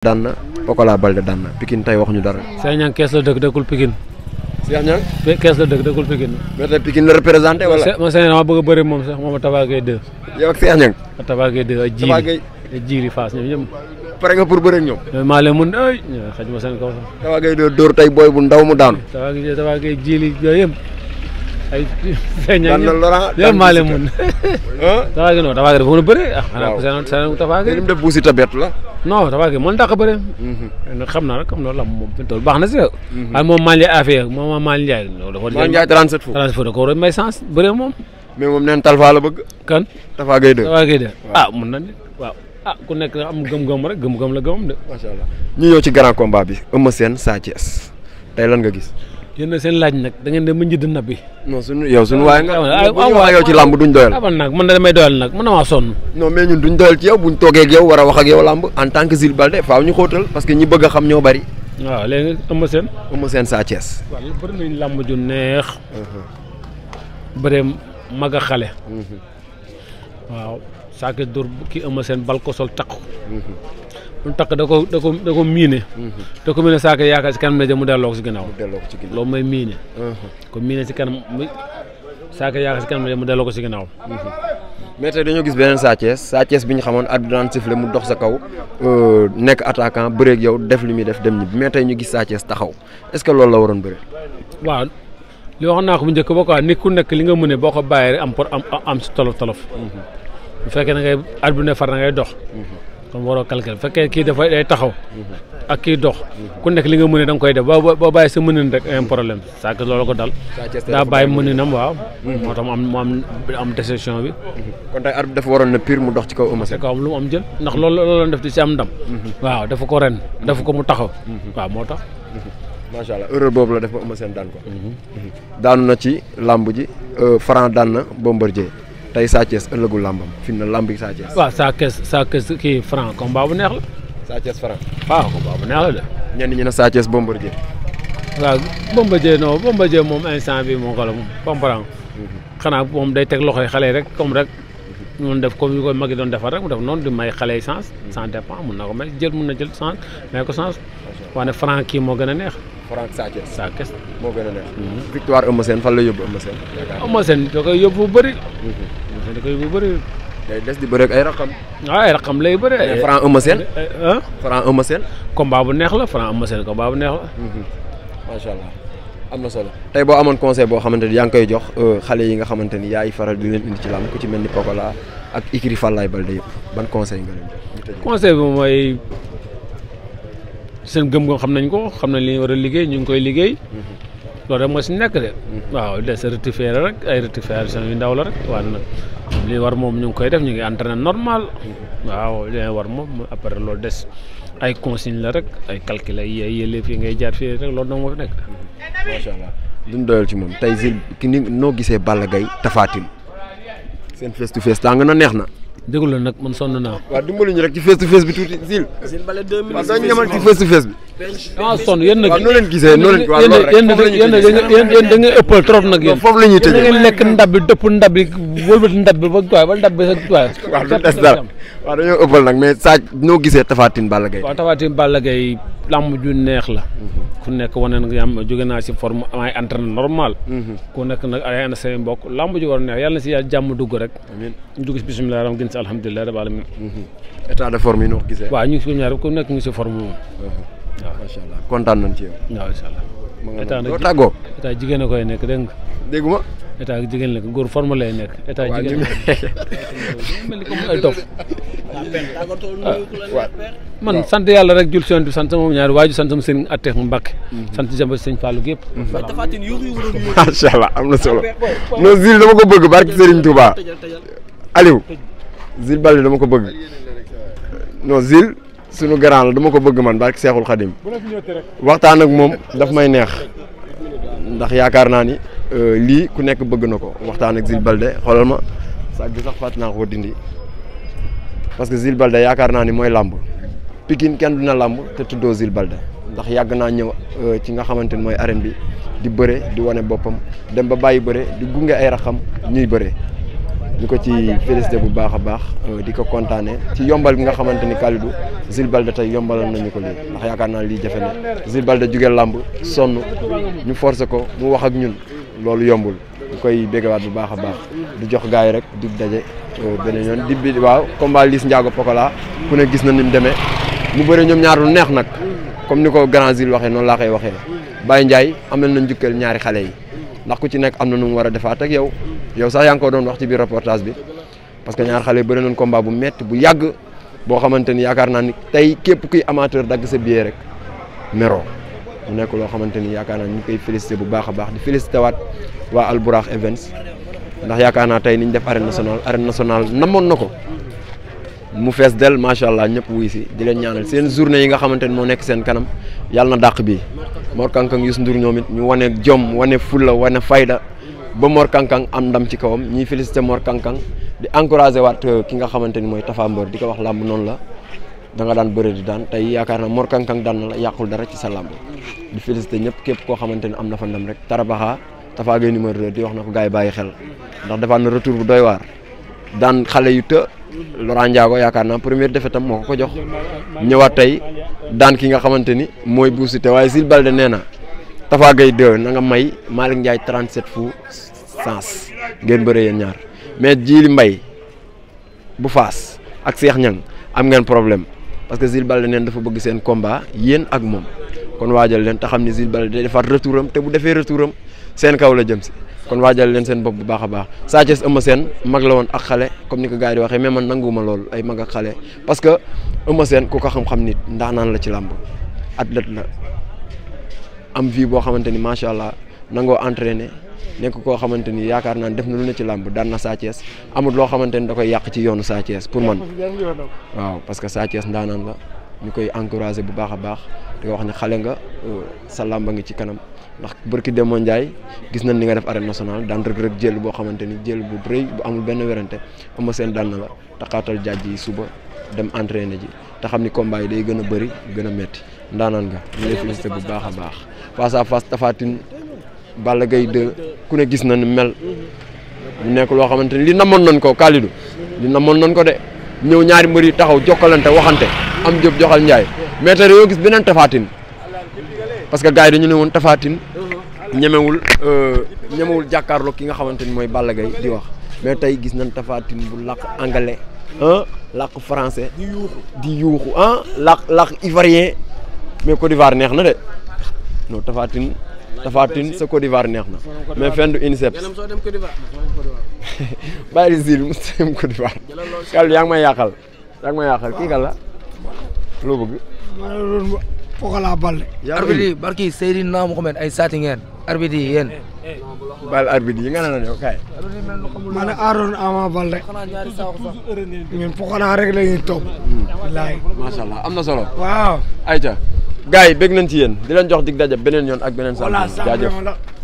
daan na Pokola Balde daan na Pikine tey waxuñu dara. Cheikh Niang kees la dëkk dëkkul Pikine. Cheikh représenté wala. man Cheikh Niang bëgg a bëri moom sax moom Tapha Gueye 2. yow ak Cheikh Niang. ak Tapha ak jiiri Tapha Gueye ak jiiri mun ay xaj ma seen kaw sax. Tapha tey booy bu ndaw mu daanu. Tapha Gueye Tapha Gueye ay feeña daan na Laurent yow maa leen mun tafaage non tafaage dafa mën a bëre ah xanaa ko seen la non tafaage mën dàq bëre mhm. nag xam naa rek comme loolu baax na si rek mhm. waaye moom Malick Ndiaye affaire moom Malick Ndiaye dafa Malick Ndiaye 37 fou 37 da ko war a may bëre moom mais moom neen Talfa la bëgg kan Tafa Gueye de Tafa ah, mun na ne a ah ku nekk am gëm-gëm rek gëm-gëm la gëmam de macha ñu ñëw ci grand combat bi Eumeu Sène Sa Thiès tey lan nga gis yéen seen laaj nag da ngeen de ma njëdd nab bi. non suñu yow suñu waaye nga. Ah, ah, ah, waaw yow ci làmb duñ doyal. amoon man de damay doyal nag mën na maa sonn. non mais ñun duñ doyal ci yow buñ toogee ak yow war a wax ak yow làmb en tant que Zil Balde faaw ñu xóotal parce que ñi bëgg a xam ñoo bari. waaw léegi Eumeu Sène. Eumeu Sène Sa Thiès. waaw bëri nañ làmb ju neex. Uh-huh. bëree mag a xale. Uh-huh. waaw Sa Thiès dóor ki Eumeu Sène bal ko lu takk da ko da ko da ko miine mhm. te ko miine saako yaakaar si kanam la jëm mu delloo ko si ginnaaw loolu mooy miine mhm. ko miine si kanam mu saako yaakaar si kanam la jëm mu delloo ko si ginnaaw mhm. mais tey gis beneen Sa Thiès Sa Thiès xamoon at mu dox sa kaw euh, nekk attaquant bëreeg yow def li muy def dem ñibbi ñu gis Sa Thiès taxaw est-ce que loolu la waroon bëre waaw li wax njëkk ba quoi nit ku nekk li nga mëne boo ko bàyyee rek am pour am am si tolof tolof bu fekkee na ngay at bu ne far na ngay dox kon waroo calculer bu fekkee kii dafa day taxaw ak kii dox ku nekk li nga mën da nga koy def boo boo bàyyi sa mënin rek un problème saa ko dal daa bàyyi mëninam waaw mhm. moo tax mu am mu am am décision bi mhm. kon tey dafa waroon na pire mu dox ci kaw Eumeu Sène kaw am lu mu am jël ndax loolu def di si am ndam mhm. waaw dafa ko ren dafa ko mu taxaw waaw moo tax macha allah boobu la def ba Eumeu Sène daan ko daanu na ci làmb ji euh, Franc daan na Bombardier tey Sa Thiès ëllëgu làmbam fi mu ne làmb yi Sa Sa Thiès Sa Thiès kii franc combat bu neex la. Sa Thiès franc. waaw combat bu neex la de. ñenn ñi ne Sa Thiès Bombardier. waaw Bombardier non Bombardier moom instant bi moo ko la moom comprendre mhm. xanaa moom day teg loxo yi xale yi rek comme rek. mun def comme yu ko mag yi doon defar rek mu def noonu di may xale yi sens. sans mhm. dépend mun na ko may jël mun na jël sens may ko sens. waaw ne franc kii moo gën a neex. franc Sa Thiès. Sa moo gën a neex. Mhm. victoire Eumeu la yóbbu Eumeu Sène. Eumeu Sène da da bu bëri. day des di bëri ay raqam. waaw ah, ay raqam lay bëri. ay franc Eumeu Sène. ah franc Eumeu Sène. bu neex la franc Eumeu Sène combat bu neex la. Mhm. macha am na solo tey boo amoon conseil boo xamante ni yaa ngi koy jox euh, xale yi nga xamante yaa yaay faral di leen indi ci làmb ku ci mel ni Pokola ak Ikiri Fallaye Balde yëpp ban conseil nga leen mooy seen gëm-gëm xam nañ ko xam ne li ñu war a liggéey ñu ngi koy liggéey. Mhm. loolu rek moo si nekk de. Mhm. waaw des rectifier ay rectification yu ndaw la rek waaw li war moom ñu ngi koy def ñu ngi entraîné normal waaw li war moom après loolu des ay consigne la rek ay calcul ay yële fii ngay jaar fii rek loolu dong moo fi nekk. macha ci moom tey Zil ki ni noo gisee Balla Gaye Tapha Tine seen face to face tàng na neex na. déglu nag man sonn naa. waaw dimbali ñu rek ci face to face bi tuuti Zil. Zil bala deux minutes waaw doo to face bi. ah sonn yéen nag noo leen gisee noo leen yéen yéen ëppal trop nag yéen foofu la ñuy tëjee ngeen lekk ndab bi dëpp ndab bi wëlbati ndab bi ba waaye ba ndab bi sax waaye waaw du des dara waaw dañoo ëppal nag mais neex la mhm. ku nekk wane nga am jóge naa si forme amay entraîné normal mhm. ku nekk nag ay ana seen mbokk làmb ju war neex yàlla na si yàlla jàmm dugg rek ñu dugg si bisimilah ram gën si alhamdulilah rabbil alamin mhm. état de forme yi noo gisee waaw ñu ngi si ñaar ku waaw macha allah kontaan nañ ci yow. waaw incha allah. ma nga noonu doo tàggoo état jigéen a koy nekk dégg nga. déggu ma. état jigéen la góor forme lay nekk. état jigéen mel ni comme ay tof. Ah, ah, man sant yàlla rek jul sant sant sama ñaari waaju sant sama sëriñ atteex Mbàkke mhm. sant jamba sëñ Fallou gépp macha mhm. allah am na solo non zil dama ko bëgg barke Serigne Touba Aliou zil Baldé dama ko bëgg non zil suñu grand la dama ko bëgg man barke Seexul Xadim waxtaan ak moom dafa may neex ndax yaakaar naa ni euh, lii ku nekk bëgg na ko waxtaan ak Zil Balde xoolal ma sa bi sax fàtt naa ko dindi parce que Zil Balde yaakaar naa ni mooy làmb Pikine kenn dina làmb te tuddoo Zil Balde ndax yàgg naa ñëw euh, ci nga xamante ni mooy arène bi di bëre di wane boppam dem ba bàyyi bëre di gunge ay raxam ñuy bëre di ko ci félicité bu baax a baax euh, di ko kontaane ci yombal bi nga xamante ni Kalidou Jules Baldé tey yombalal nañu ko lii ndax yaakaar naa lii jafe na Jules Baldé làmb sonn ñu forcé ko mu wax ak ñun loolu yombul ñu koy béggawaat bu baax a baax di jox gars yi rek di daje euh, beneen yoon di bi waaw combat Liss Ndiago Pokola ku ne gis na ni mu demee mu bëri ñoom ñaar lu neex nag comme ni ko grand Jules waxee noonu laa koy waxee Baye Ndiaye amal na njukkal ñaari xale yi ndax ku ci nekk am na nu mu war a defaat ak yow yow sax yaa ngi ko doon wax ci biir reportage bi parce que ñaar xale bëri nañ combat bu métti bu yàgg boo xamante ni yaakaar naa ni tey képp kuy amateur dagg sa billet rek meroo mu nekk loo xamante ni yaakaar naa ñu koy félicité bu baax a baax di félicité waat waa Albourakh ndax yaakaar naa tey ni ñu def arène nationale arène nationale namoon na ko mu fees del macha allah ñëpp wuy si di leen ñaanal seen journée yi nga xamante ni moo nekk seen kanam yàlla na dàq bi Mor Kankang Youssou Ndour ñoom it ñu wane jom wane fulla wane fayda ba Mor Kankang am ndam ci kawam ñuy félicité Mor Kankang di encouragé waat euh, ki nga xamante ni mooy Tafa Mbeur di ko wax làmb noonu la da nga daan bëre di daan tey yaakaar ni am na fa ndam rek Tarabaxa Tafa Gueye numéro 2 di wax na yi na retour bu doy naa moo ko ko jox ñëwaat tey daan ki nga xamante ni mooy buusite waaye Zil Balde nee na Tafa Gueye 2 na nga may Malick Ndiaye 37 sens ngeen bëree yéen ñaar mais Djily Mbaye bu faas ak Cheikh Niang am ngeen problème parce que Zil Balde neen dafa bëgg seen combat yéen ak moom kon waajal leen te xam ne Zil Balde day defaat retouram te bu defee retouram seen kaw la jëm si kon waajal leen seen bopp bu baax a baax Sa Thiès Eumeu Sène mag la woon ak xale comme ni ko gars yi di waxee mais man nanguwuma loolu ay mag ak xale parce que Eumeu seen ku ko xam-xam nit ndaanaan la ci làmb athlète la am nangoo entraîner nekk koo xamante yaakaar naa def na lu ne ci làmb daan na Sa Thiès amul loo xamante ni da yàq ci yoonu Sa Thiès pour man waaw parce que Sa Thiès la ñu koy encourager bu baax a baax di ko wax ne xale nga euh, sa a ngi ci kanam ndax bërki Demba Ndiaye gis nañ ni nga def arène nationale daan Reug Reug jël boo xamante ni jël bu rëy bu amul benn werante ama seen daan la taxaatal jaaj yi suba dem entraîner ji te xam ni combat day gën a bëri gën a métti ndaanaan nga ñu lay félicité bu baax a baax face à face Tapha Balla Gaye 2 ku ne gis na ni mel mu nekk loo xamante ni li namoon nañ ko Kalidou li namoon nañ ko de ñëw ñaari mbër yi taxaw jokkalante waxante am jëb joxal njaay mais yoo gis beneen tafaatin parce que gars dañu ne woon tafaatin ñemewul euh, ñemewul jàkkaarloo ki nga xamante ni mooy Balla Gaye di wax mais tey gis nañ tafaatin bu làkk anglais ah làkk français di yuuxu ah làkk làkk ivoirien mais Côte neex na de non tafaatin Tapha Tine sa Côte d'Ivoire neex na mais fen du INSEP bàyyi di sil mos dem Côte d'Ivoire kal yaa ngi may yàqal yaa ngi may yàqal kii kan la loo bëgg Pokola Baldé. arbitre yi ay saati ngeen. arbitre yi bal arbitre yi nga ne la yow ma ne Ama Baldé. ñun Pokola rek la ñuy topp. wallaahi hmm. am na solo. waaw. ayca. gars yi bëgg nañ ci yéen di leen jox dig daje beneen yoon ak beneen sant jaajëf